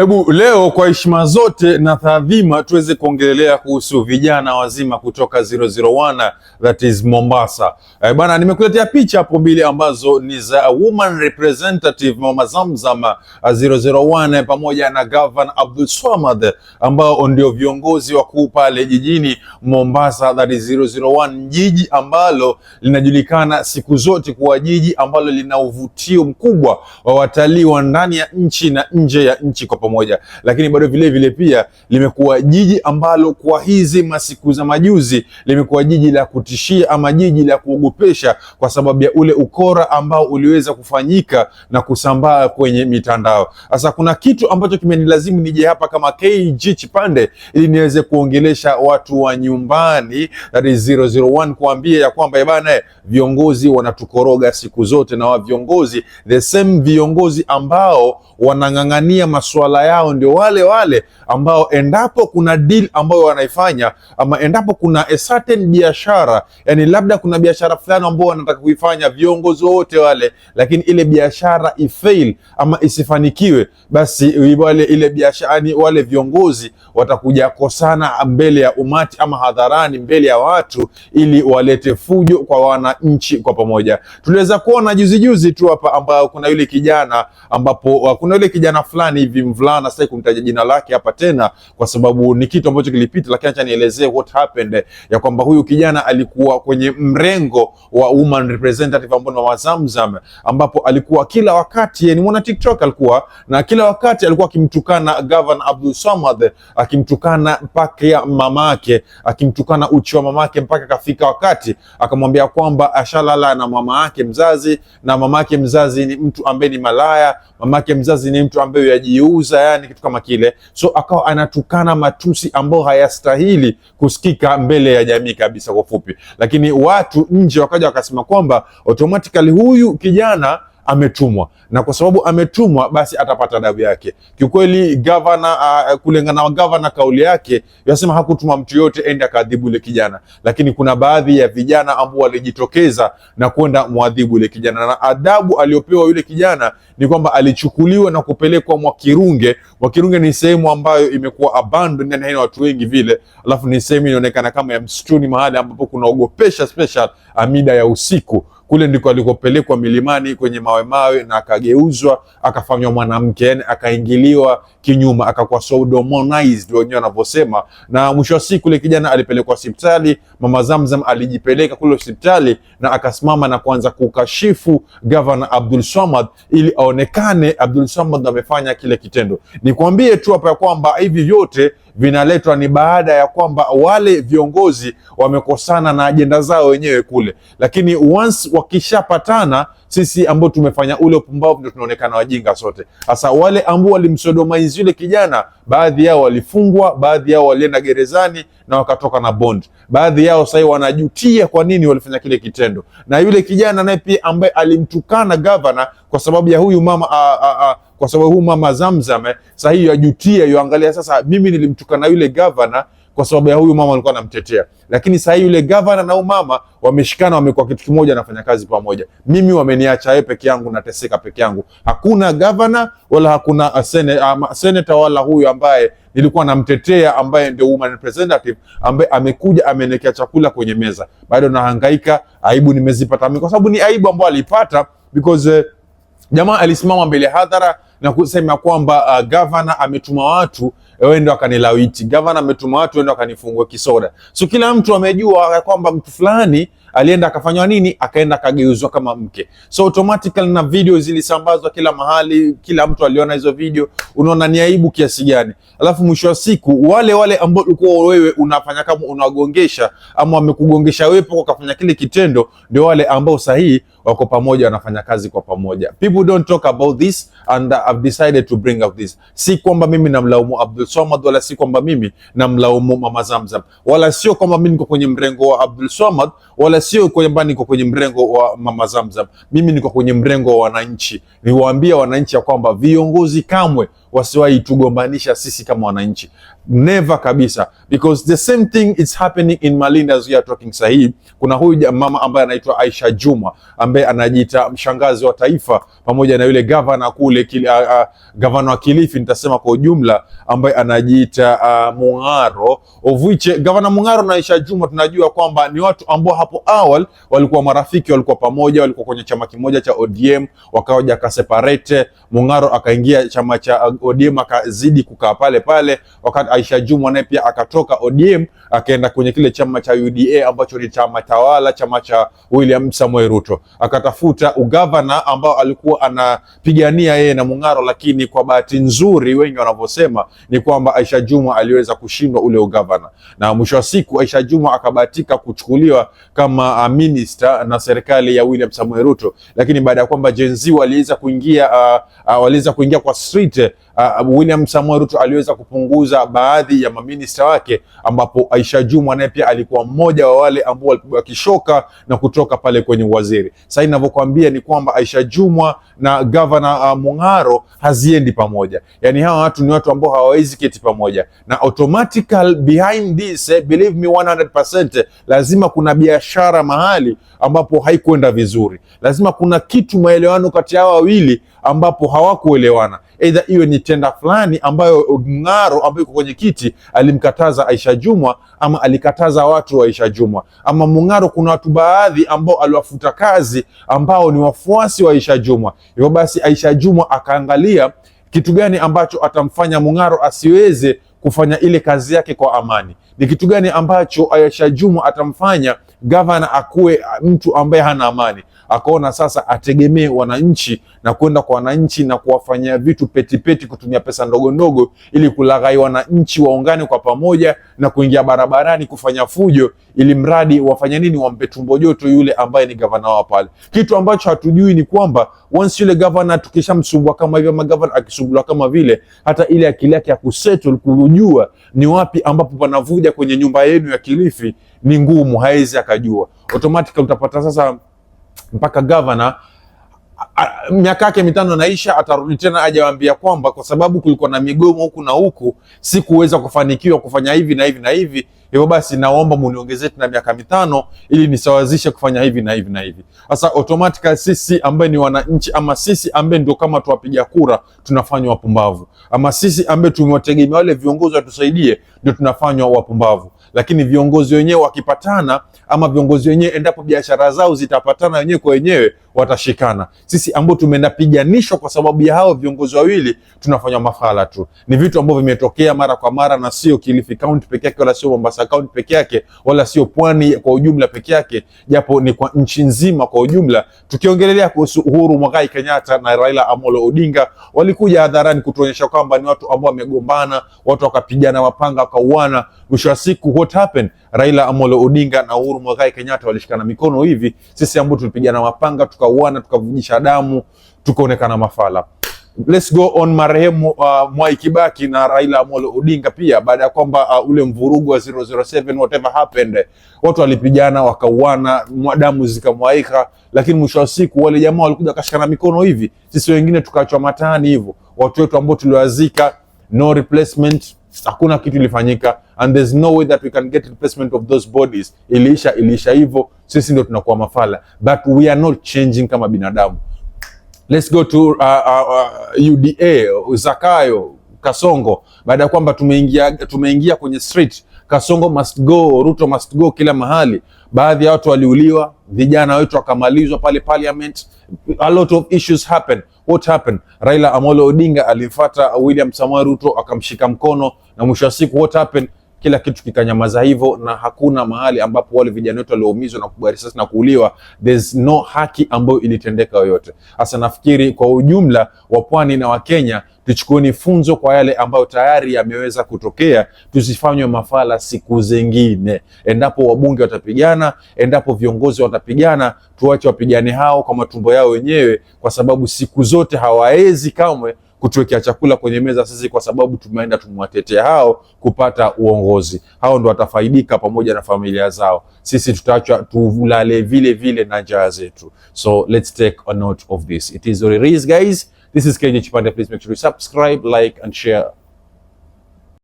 Hebu leo kwa heshima zote na taadhima tuweze kuongelea kuhusu vijana wazima kutoka 001 that is Mombasa. E, bana nimekuletea picha hapo mbili ambazo ni za woman representative Mama Zamzam 001 eh, eh, pamoja na Gavan Abdul Swamad ambao ndio viongozi wakuu pale jijini Mombasa that is 001, jiji ambalo linajulikana siku zote kuwa jiji ambalo lina uvutio mkubwa wa watalii wa ndani ya nchi na nje ya nchi kwa moja, lakini bado vile vile pia limekuwa jiji ambalo kwa hizi masiku za majuzi limekuwa jiji la kutishia ama jiji la kuogopesha kwa sababu ya ule ukora ambao uliweza kufanyika na kusambaa kwenye mitandao. Sasa kuna kitu ambacho kimenilazimu nije hapa kama KG Chipande ili niweze kuongelesha watu wa nyumbani, that is 001 kuambia ya kwamba eh bana, eh, viongozi wanatukoroga siku zote, na wa viongozi the same viongozi ambao wanang'ang'ania masuala baba yao ndio wale wale ambao endapo kuna deal ambayo wanaifanya ama endapo kuna a certain biashara, yani labda kuna biashara fulani ambao wanataka kuifanya viongozi wote wale, lakini ile biashara ifail ama isifanikiwe, basi wale ile biashara yani wale viongozi watakuja kosana mbele ya umati ama hadharani mbele ya watu ili walete fujo kwa wananchi kwa pamoja. Tuliweza kuona juzi juzi tu hapa ambao kuna yule kijana ambapo kuna yule kijana fulani hivi mvulana, sitaki kumtaja jina lake hapa tena kwa sababu ni kitu ambacho kilipita, lakini acha nielezee what happened, ya kwamba huyu kijana alikuwa kwenye mrengo wa woman representative ambao ni wa Zamzam, ambapo alikuwa kila wakati ni mwana TikTok alikuwa na kila wakati alikuwa akimtukana Governor Abdul Samad, akimtukana mpaka ya mamake, akimtukana uchi wa mamake, mpaka kafika wakati akamwambia kwamba ashalala na mama yake mzazi na mamake mzazi ni mtu ambaye ni malaya, mamake mzazi ni mtu ambaye yajiuza kuuza, yani kitu kama kile. So akawa anatukana matusi ambayo hayastahili kusikika mbele ya jamii kabisa, kwa fupi. Lakini watu nje wakaja wakasema kwamba automatically huyu kijana ametumwa, na kwa sababu ametumwa, basi atapata adabu yake. Kiukweli gavana uh, kulingana na gavana kauli yake yasema hakutuma mtu yote ende akaadhibu ile kijana, lakini kuna baadhi ya vijana ambao walijitokeza na kwenda mwadhibu ile kijana, na adabu aliyopewa yule kijana ni kwamba alichukuliwa na kupelekwa Mwakirunge. Mwakirunge ni sehemu ambayo imekuwa abandoned na haina watu wengi vile, alafu ni sehemu inaonekana kama ya msituni, mahali ambapo kunaogopesha special amida ya usiku. Kule ndiko alikopelekwa milimani kwenye mawe mawe, na akageuzwa akafanywa mwanamke, yani akaingiliwa kinyuma, akakuwa sodomized wenyewe wanavyosema. Na mwisho wa siku, kule kijana alipelekwa hospitali, mama Zamzam alijipeleka kule hospitali na akasimama na kuanza kukashifu Governor Abdul Swamad ili aonekane Abdul Swamad amefanya kile kitendo. Nikwambie tu hapa ya kwamba hivi vyote vinaletwa ni baada ya kwamba wale viongozi wamekosana na ajenda zao wenyewe kule, lakini once wakishapatana, sisi ambao tumefanya ule upumbavu ndio tunaonekana wajinga sote. Sasa wale ambao walimsodomize yule kijana, baadhi yao walifungwa, baadhi yao walienda gerezani na wakatoka na bond, baadhi yao sasa wanajutia kwa nini walifanya kile kitendo, na yule kijana naye pia ambaye alimtukana gavana kwa sababu ya huyu mama a, a, a, kwa sababu huu mama Zamzam eh, saa hii yajutia, yuangalia sasa, mimi nilimtukana yule gavana kwa sababu ya huyu mama alikuwa anamtetea, lakini saa hii yule gavana na huyu mama wameshikana, wamekuwa kitu kimoja, anafanya kazi pamoja. Mimi wameniacha yeye peke yangu, nateseka peke yangu, hakuna gavana wala hakuna uh, uh, seneta wala huyu ambaye nilikuwa namtetea, ambaye ndio woman representative, ambaye amekuja amenekea chakula kwenye meza, bado nahangaika. Aibu nimezipata mimi, kwa sababu ni aibu ambayo alipata because eh, jamaa alisimama mbele hadhara na kusema kwamba uh, gavana ametuma watu eh, wende wakanilawiti, gavana ametuma watu wende wakanifungua kisoda. So kila mtu amejua kwamba mtu fulani alienda akafanywa nini, akaenda akageuzwa kama mke. So automatically na video zilisambazwa kila mahali, kila mtu aliona hizo video. Unaona ni aibu kiasi gani? Alafu mwisho wa siku wale wale ambao ulikuwa wewe unafanya kama unagongesha ama wamekugongesha wewe, poko kafanya kile kitendo, ndio wale ambao sahihi wako pamoja, wanafanya kazi kwa pamoja. People don't talk about this and I've decided to bring up this. Si kwamba mimi namlaumu Abdul Swamad wala si kwamba mimi namlaumu Mama Zamzam wala sio kwamba mimi niko kwenye mrengo wa Abdul Swamad wala sio kwamba niko kwenye mrengo wa Mama Zamzam. Mimi niko kwenye mrengo wa wananchi, niwaambia wananchi ya kwamba viongozi kamwe wasiwahi tugombanisha sisi kama wananchi, never kabisa, because the same thing is happening in Malindi as we are talking sahihi. Kuna huyu mama ambaye anaitwa Aisha Juma ambaye anajiita mshangazi wa taifa, pamoja na yule gavana kule kili, uh, uh, gavana wa Kilifi nitasema kwa ujumla, ambaye anajiita uh, Mung'aro of which gavana Mung'aro na Aisha Juma tunajua kwamba ni watu ambao hapo awali walikuwa marafiki, walikuwa pamoja, walikuwa kwenye chama kimoja cha ODM, wakaja akaseparate. Mung'aro akaingia chama cha ODM akazidi kukaa pale pale, wakati Aisha Jumwa naye pia akatoka ODM akaenda kwenye kile chama cha UDA ambacho ni chama tawala, chama cha William Samoei Ruto, akatafuta ugavana ambao alikuwa anapigania yeye na Mung'aro, lakini kwa bahati nzuri wengi wanavyosema ni kwamba Aisha Jumwa aliweza kushindwa ule ugavana, na mwisho wa siku Aisha Jumwa akabahatika kuchukuliwa kama ah, minister na serikali ya William Samoei Ruto, lakini baada ya kwamba jenzi waliweza kuingia uh, uh, waliweza kuingia kwa street uh, William Samoei Ruto aliweza kupunguza baadhi ya maminista wake, ambapo Aisha Jumwa naye pia alikuwa mmoja wa wale ambao walipigwa kishoka na kutoka pale kwenye uwaziri. Sasa ninavyokuambia ni kwamba Aisha Jumwa na gavana uh, Mung'aro haziendi pamoja, yaani hawa watu ni watu ambao hawawezi keti pamoja na automatical behind this, eh, believe me 100%, lazima kuna biashara mahali ambapo haikwenda vizuri, lazima kuna kitu maelewano kati ya hawa wawili ambapo hawakuelewana aidha iwe ni tenda fulani ambayo Mng'aro ambayo iko kwenye kiti alimkataza Aisha Jumwa ama alikataza watu wa Aisha Jumwa ama Mng'aro, kuna watu baadhi ambao aliwafuta kazi ambao ni wafuasi wa Aisha Jumwa. Hivyo basi Aisha Jumwa akaangalia kitu gani ambacho atamfanya Mng'aro asiweze kufanya ile kazi yake kwa amani. Ni kitu gani ambacho Aisha Jumwa atamfanya gavana akuwe mtu ambaye hana amani? akaona sasa ategemee wananchi na kwenda kwa wananchi na kuwafanyia vitu petipeti kutumia pesa ndogo ndogo ili kulaghai wananchi waungane kwa pamoja na kuingia barabarani kufanya fujo, ili mradi wafanya nini? Wampe tumbo joto yule ambaye ni gavana wa pale. Kitu ambacho hatujui ni kwamba once yule gavana tukishamsumbua kama hivyo, magavana akisumbua kama vile, hata ile akili yake ya kusettle kujua ni wapi ambapo panavuja kwenye nyumba yenu ya Kilifi ni ngumu, hawezi akajua. Automatically utapata sasa mpaka gavana miaka yake mitano naisha, atarudi tena ajawaambia kwamba kwa sababu kulikuwa na migomo huku na huku, sikuweza kufanikiwa kufanya hivi na hivi na hivi, hivyo basi naomba muniongezee tena miaka mitano ili nisawazishe kufanya hivi na hivi na hivi. Sasa automatically sisi ambaye ni wananchi ama sisi ambaye ndio kama tuwapiga kura tunafanywa wapumbavu, ama sisi ambaye tumewategemea wale viongozi watusaidie ndio tunafanywa wapumbavu lakini viongozi wenyewe wakipatana, ama viongozi wenyewe endapo biashara zao zitapatana wenyewe kwa wenyewe, watashikana. Sisi ambao tumenapiganishwa kwa sababu ya hao viongozi wawili, tunafanya mafala tu. Ni vitu ambavyo vimetokea mara kwa mara, na sio Kilifi kaunti peke yake, wala sio Mombasa kaunti peke yake, wala sio pwani kwa ujumla peke yake, japo ni kwa nchi nzima kwa ujumla. tukiongelea kuhusu Uhuru mwagai Kenyatta na Raila Amolo Odinga, walikuja hadharani kutuonyesha kwamba ni watu ambao wamegombana, watu wakapigana mapanga, wakauana, mwisho wa siku what happened? Raila Amolo Odinga na Uhuru Mwigai Kenyatta walishikana mikono hivi, sisi ambao tulipigana mapanga tukauana, tukavujisha damu, tukaonekana mafala. Let's go on marehemu uh, Mwai Kibaki na Raila Amolo Odinga pia, baada ya kwamba uh, ule mvurugu wa 007 whatever happened, watu walipigana wakauana, damu zikamwaika, lakini mwisho wa siku wale jamaa walikuja wakashikana mikono hivi, sisi wengine tukaachwa matani hivyo, watu wetu ambao tuliwazika, no replacement, hakuna kitu ilifanyika and there's no way that we can get replacement of those bodies. Iliisha, iliisha hivyo, sisi ndio tunakuwa mafala, but we are not changing kama binadamu. Let's go to uh, uh, UDA uh, Zakayo Kasongo, baada ya kwamba tumeingia tumeingia kwenye street Kasongo must go, Ruto must go, kila mahali. Baadhi ya watu waliuliwa, vijana wetu wakamalizwa pale parliament, a lot of issues happen. What happened? Raila Amolo Odinga alimfuata William Samoei Ruto akamshika mkono, na mwisho wa siku what happened? kila kitu kikanyamaza hivyo, na hakuna mahali ambapo wale vijana wetu walioumizwa na kupigwa risasi na kuuliwa, there's no haki ambayo ilitendeka yoyote. Hasa nafikiri kwa ujumla wa pwani na Wakenya tuchukueni funzo kwa yale ambayo tayari yameweza kutokea, tusifanywe mafala siku zingine. Endapo wabunge watapigana, endapo viongozi watapigana, tuache wapigane hao kwa matumbo yao wenyewe, kwa sababu siku zote hawawezi kamwe kutuwekea chakula kwenye meza sisi, kwa sababu tumeenda tumwatetea hao kupata uongozi. Hao ndo watafaidika pamoja na familia zao, sisi tutaachwa tulale vile vile na njaa zetu. So let's take a note of this. It is Zori Rees guys, this is KJ Chipande. Please make sure you subscribe, like and share.